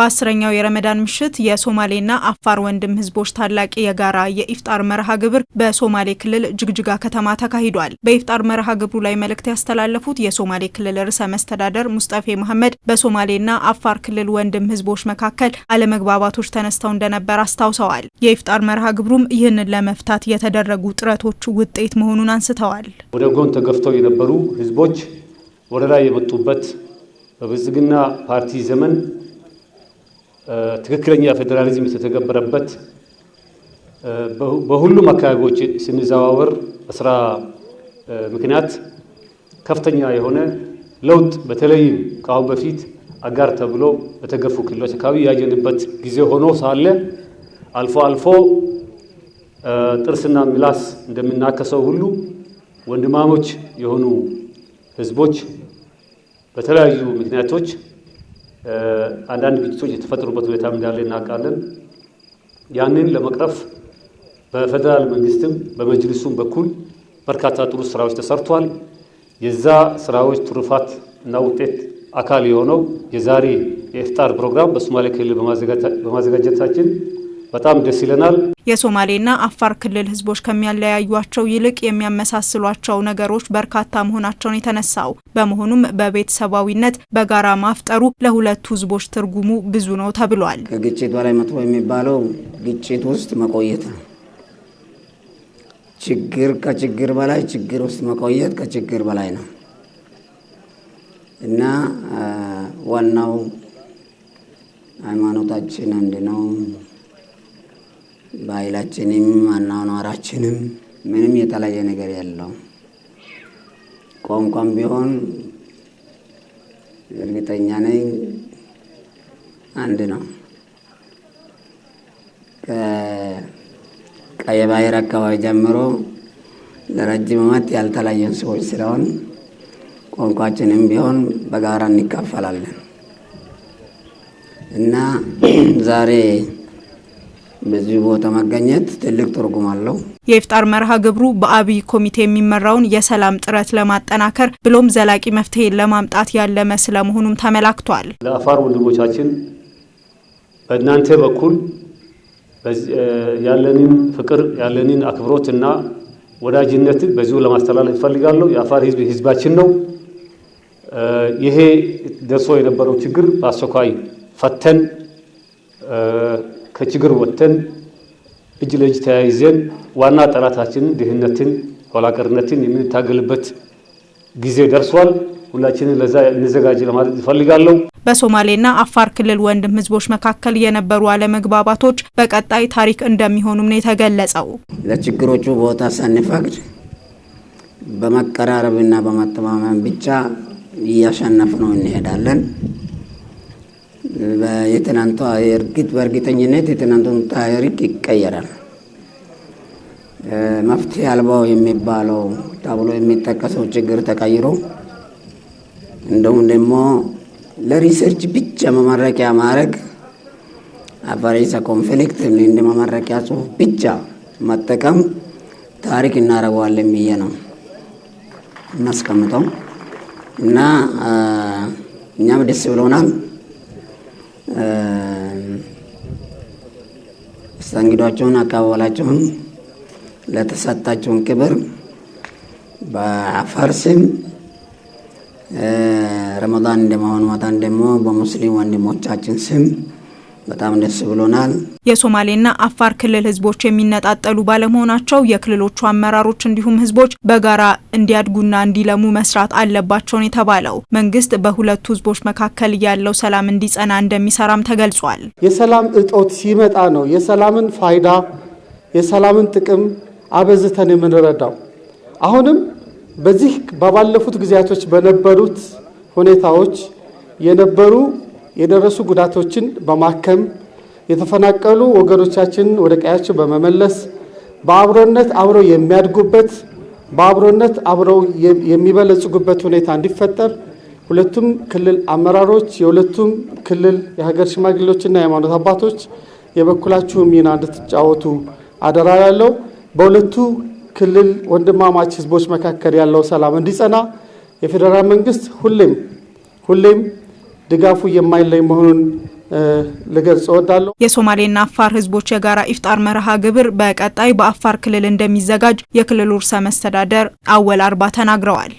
በአስረኛው የረመዳን ምሽት የሶማሌና አፋር ወንድም ህዝቦች ታላቅ የጋራ የኢፍጣር መርሃ ግብር በሶማሌ ክልል ጅግጅጋ ከተማ ተካሂዷል። በኢፍጣር መርሃ ግብሩ ላይ መልእክት ያስተላለፉት የሶማሌ ክልል ርዕሰ መስተዳደር ሙስጠፌ መሐመድ በሶማሌና አፋር ክልል ወንድም ህዝቦች መካከል አለመግባባቶች ተነስተው እንደነበር አስታውሰዋል። የኢፍጣር መርሃ ግብሩም ይህንን ለመፍታት የተደረጉ ጥረቶች ውጤት መሆኑን አንስተዋል። ወደ ጎን ተገፍተው የነበሩ ህዝቦች ወደ ላይ የመጡበት በብልጽግና ፓርቲ ዘመን ትክክለኛ ፌዴራሊዝም የተተገበረበት በሁሉም አካባቢዎች ስንዘዋወር በስራ ምክንያት ከፍተኛ የሆነ ለውጥ በተለይም ከአሁን በፊት አጋር ተብሎ በተገፉ ክልሎች አካባቢ ያየንበት ጊዜ ሆኖ ሳለ አልፎ አልፎ ጥርስና ምላስ እንደምናከሰው ሁሉ ወንድማሞች የሆኑ ህዝቦች በተለያዩ ምክንያቶች አንዳንድ ግጭቶች የተፈጠሩበት ሁኔታም እንዳለ እናውቃለን። ያንን ለመቅረፍ በፌደራል መንግስትም በመጅሊሱም በኩል በርካታ ጥሩ ስራዎች ተሰርቷል። የዛ ስራዎች ትሩፋት እና ውጤት አካል የሆነው የዛሬ የኢፍጣር ፕሮግራም በሶማሌ ክልል በማዘጋጀታችን በጣም ደስ ይለናል። የሶማሌና አፋር ክልል ህዝቦች ከሚያለያዩቸው ይልቅ የሚያመሳስሏቸው ነገሮች በርካታ መሆናቸውን የተነሳው በመሆኑም በቤተሰባዊነት በጋራ ማፍጠሩ ለሁለቱ ህዝቦች ትርጉሙ ብዙ ነው ተብሏል። ከግጭት በላይ መጥፎ የሚባለው ግጭት ውስጥ መቆየት ነው። ችግር ከችግር በላይ ችግር ውስጥ መቆየት ከችግር በላይ ነው እና ዋናው ሃይማኖታችን አንድ ነው። ባህላችንም አኗኗራችንም ምንም የተለየ ነገር ያለው ቋንቋም ቢሆን እርግጠኛ ነኝ አንድ ነው። ከቀይ ባህር አካባቢ ጀምሮ ለረጅም ዓመት ያልተለየን ሰዎች ስለሆን ቋንቋችንም ቢሆን በጋራ እንካፈላለን እና ዛሬ በዚህ ቦታ መገኘት ትልቅ ትርጉም አለው። የኢፍጣር መርሃ ግብሩ በአብይ ኮሚቴ የሚመራውን የሰላም ጥረት ለማጠናከር ብሎም ዘላቂ መፍትሄ ለማምጣት ያለመ ስለመሆኑም ተመላክቷል። ለአፋር ወንድሞቻችን በእናንተ በኩል ያለንን ፍቅር ያለንን አክብሮት እና ወዳጅነት በዚሁ ለማስተላለፍ እፈልጋለሁ። የአፋር ህዝብ ህዝባችን ነው። ይሄ ደርሶ የነበረው ችግር በአስቸኳይ ፈተን ከችግር ወጥተን እጅ ለእጅ ተያይዘን ዋና ጠላታችንን ድህነትን፣ ኋላቀርነትን የምንታገልበት ጊዜ ደርሷል። ሁላችንን ለዛ እንዘጋጅ ለማለት ይፈልጋለሁ። በሶማሌና አፋር ክልል ወንድም ህዝቦች መካከል የነበሩ አለመግባባቶች በቀጣይ ታሪክ እንደሚሆኑም ነው የተገለጸው። ለችግሮቹ ቦታ ሳንፈቅድ በመቀራረብና በማተማመን ብቻ እያሸነፍ ነው እንሄዳለን። የትናንቷ እርግጥ በእርግጠኝነት የትናንቱን ታሪክ ይቀየራል። መፍትሄ አልባው የሚባለው ተብሎ የሚጠቀሰው ችግር ተቀይሮ እንደውም ደግሞ ለሪሰርች ብቻ መመረቂያ ማድረግ አፈሪሰ ኮንፍሊክት እንደ መመረቂያ ጽሁፍ ብቻ መጠቀም ታሪክ እናደርገዋለን ብዬ ነው እናስቀምጠው እና እኛም ደስ ብሎናል። መስተንግዷቸውን አካባላቸውን ለተሰጣቸውን ክብር በአፋር ስም ረመዳን እንደመሆኑ መጠን ደግሞ በሙስሊም ወንድሞቻችን ስም በጣም ደስ ብሎናል። የሶማሌና አፋር ክልል ህዝቦች የሚነጣጠሉ ባለመሆናቸው የክልሎቹ አመራሮች እንዲሁም ህዝቦች በጋራ እንዲያድጉና እንዲለሙ መስራት አለባቸውን የተባለው መንግስት በሁለቱ ህዝቦች መካከል ያለው ሰላም እንዲጸና እንደሚሰራም ተገልጿል። የሰላም እጦት ሲመጣ ነው የሰላምን ፋይዳ የሰላምን ጥቅም አበዝተን የምንረዳው። አሁንም በዚህ በባለፉት ጊዜያቶች በነበሩት ሁኔታዎች የነበሩ የደረሱ ጉዳቶችን በማከም የተፈናቀሉ ወገኖቻችን ወደ ቀያቸው በመመለስ በአብሮነት አብረው የሚያድጉበት በአብሮነት አብረው የሚበለጽጉበት ሁኔታ እንዲፈጠር ሁለቱም ክልል አመራሮች፣ የሁለቱም ክልል የሀገር ሽማግሌዎችና የሃይማኖት አባቶች የበኩላችሁ ሚና እንድትጫወቱ አደራ ያለው በሁለቱ ክልል ወንድማማች ህዝቦች መካከል ያለው ሰላም እንዲጸና የፌዴራል መንግስት ሁሌም ሁሌም ድጋፉ የማይለይ መሆኑን ልገልጽ እወዳለሁ። የሶማሌና አፋር ህዝቦች የጋራ ኢፍጣር መርሃ ግብር በቀጣይ በአፋር ክልል እንደሚዘጋጅ የክልሉ ርዕሰ መስተዳደር አወል አርባ ተናግረዋል።